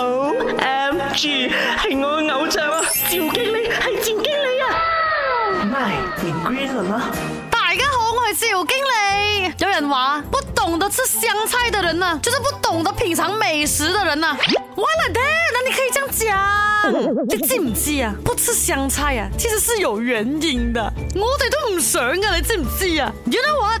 好，OMG 係我嘅偶像啊，趙經理係前經理啊，咪你 green 大家好我是趙經理，有人話不懂得吃香菜的人啊，就是不懂得品嘗美食的人啊，我的天，那你可以這樣講，你知唔知啊？不吃香菜啊，其實是有原因的，我哋都唔想㗎，你知唔知啊？原來我。